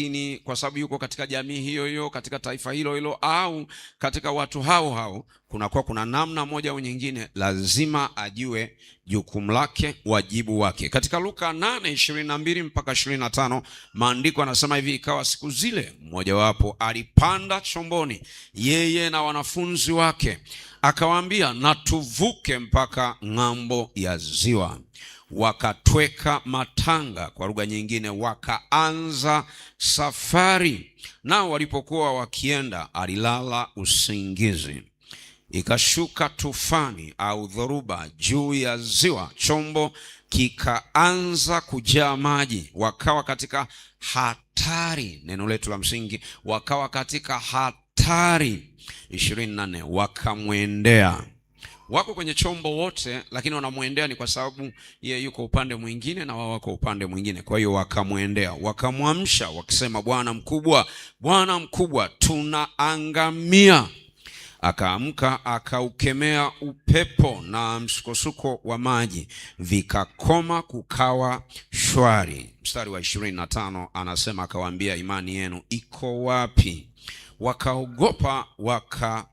lakini kwa sababu yuko katika jamii hiyo hiyo, katika taifa hilo hilo, au katika watu hao hao, kunakuwa kuna namna moja au nyingine, lazima ajue jukumu lake, wajibu wake. Katika Luka 8:22 mpaka 25, maandiko anasema hivi, ikawa siku zile, mmojawapo alipanda chomboni, yeye na wanafunzi wake, akawaambia, na tuvuke mpaka ng'ambo ya ziwa wakatweka matanga, kwa lugha nyingine wakaanza safari. Nao walipokuwa wakienda, alilala usingizi. Ikashuka tufani au dhoruba juu ya ziwa, chombo kikaanza kujaa maji, wakawa katika hatari. Neno letu la msingi, wakawa katika hatari. ishirini na nne wakamwendea wako kwenye chombo wote, lakini wanamwendea ni kwa sababu ye yuko upande mwingine na wao wako upande mwingine. Kwa hiyo wakamwendea, wakamwamsha wakisema, Bwana mkubwa, Bwana mkubwa, tunaangamia. Akaamka akaukemea upepo na msukosuko wa maji, vikakoma, kukawa shwari. Mstari wa ishirini na tano anasema akawaambia, imani yenu iko wapi? Wakaogopa waka